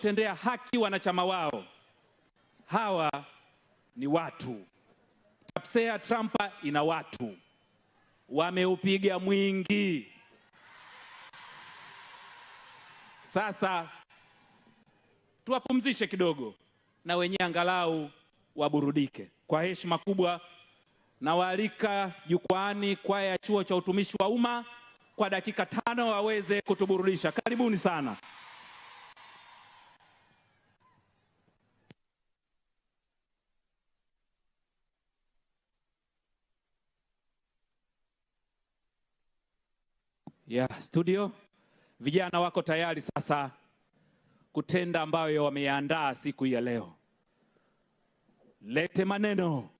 kutendea haki wanachama wao. Hawa ni watu. Tapsea Trumpa ina watu, wameupiga mwingi. Sasa tuwapumzishe kidogo, na wenyewe angalau waburudike. Kwa heshima kubwa, nawaalika jukwaani kwaya ya chuo cha utumishi wa umma kwa dakika tano waweze kutuburudisha. Karibuni sana. ya studio. Vijana wako tayari sasa kutenda ambayo wameandaa siku ya leo. Lete maneno.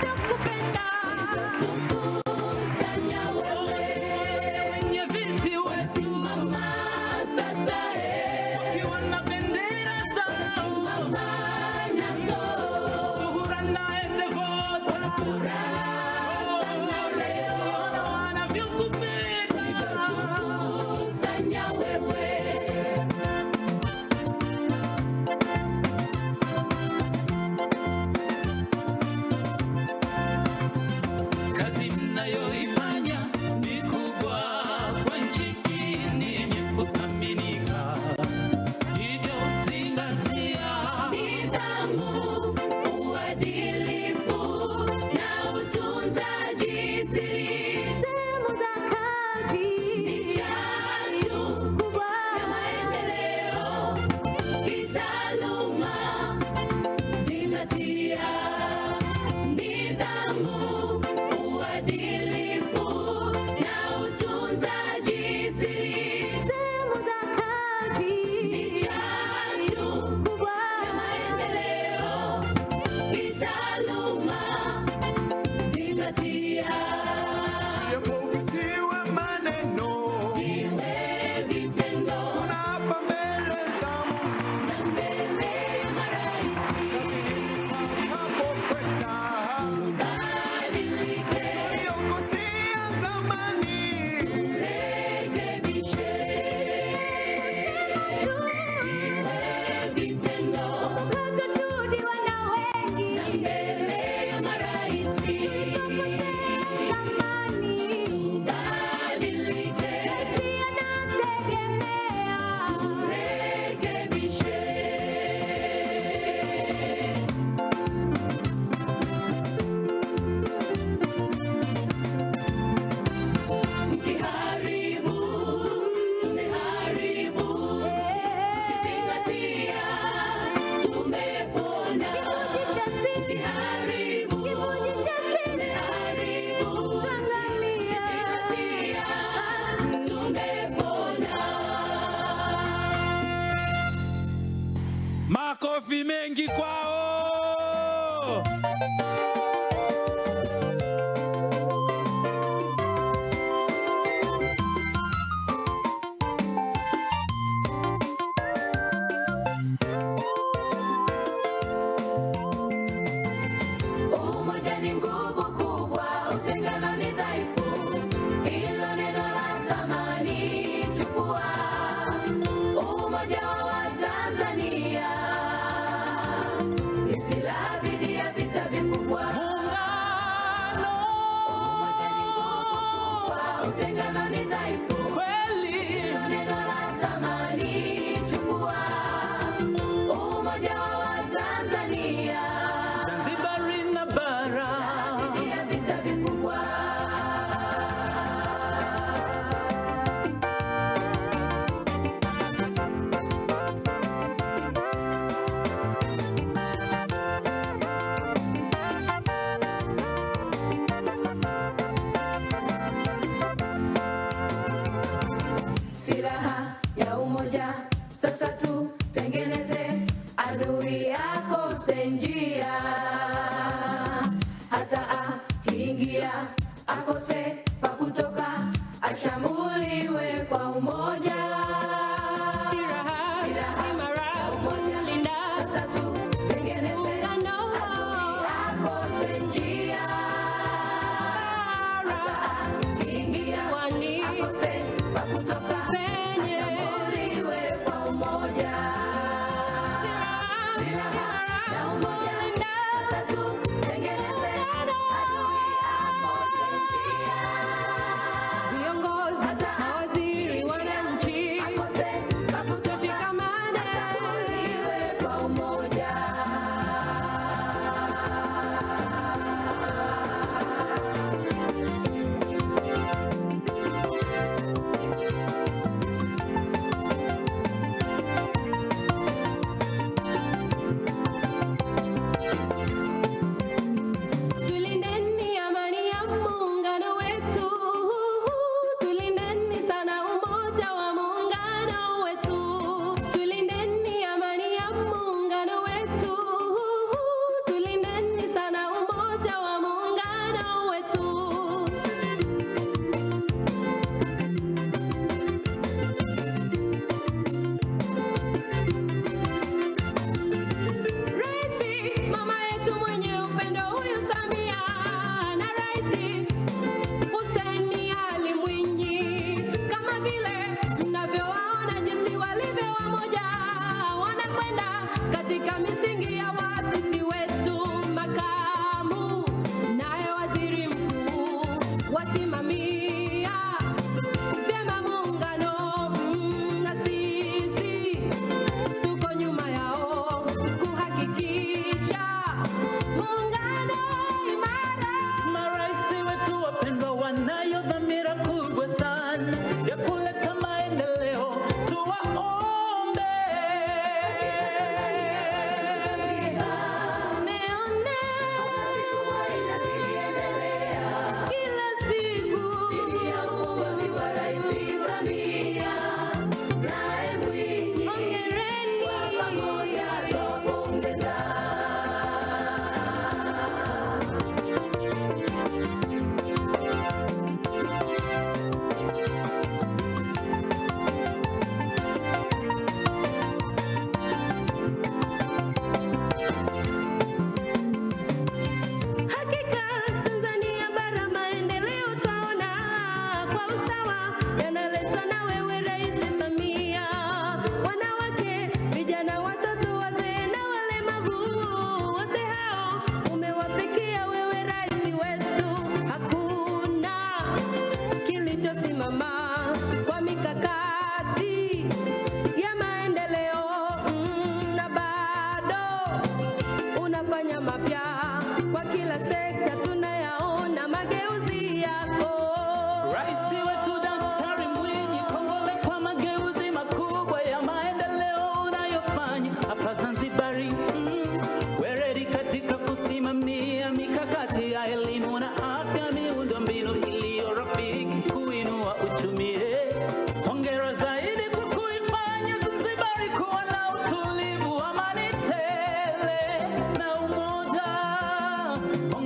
built the Makofi mengi kwao.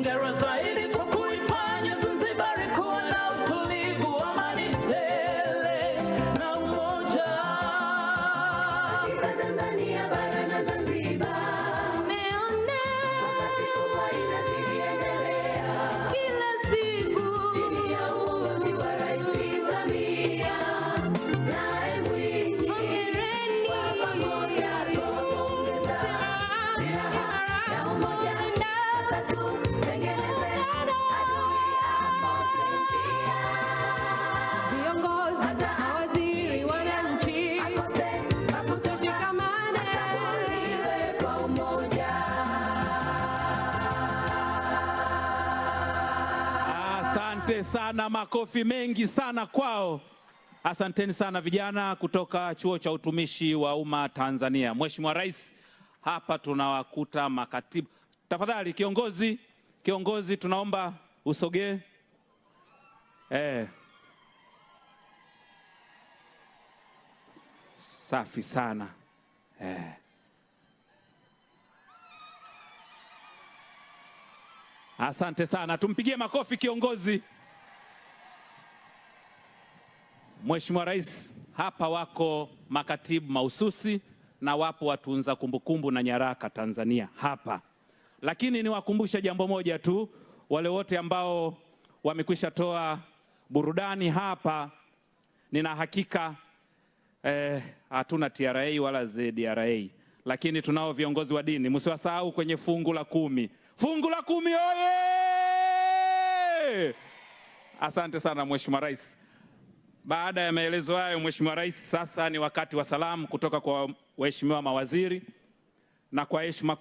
There is a Asante sana, makofi mengi sana kwao. Asanteni sana vijana kutoka Chuo cha Utumishi wa Umma Tanzania. Mheshimiwa Rais, hapa tunawakuta makatibu. Tafadhali kiongozi, kiongozi tunaomba usogee. Eh. Safi sana eh. Asante sana, tumpigie makofi kiongozi. Mheshimiwa Rais, hapa wako makatibu mahususi na wapo watunza kumbukumbu na nyaraka Tanzania hapa, lakini niwakumbushe jambo moja tu, wale wote ambao wamekwisha toa burudani hapa, nina hakika eh, hatuna eh, TRA wala ZDRA, lakini tunao viongozi wa dini, msiwasahau kwenye fungu la kumi. Fungu la kumi oye! Asante sana Mheshimiwa Rais. Baada ya maelezo hayo, Mheshimiwa Rais, sasa ni wakati wa salamu kutoka kwa waheshimiwa mawaziri na kwa heshima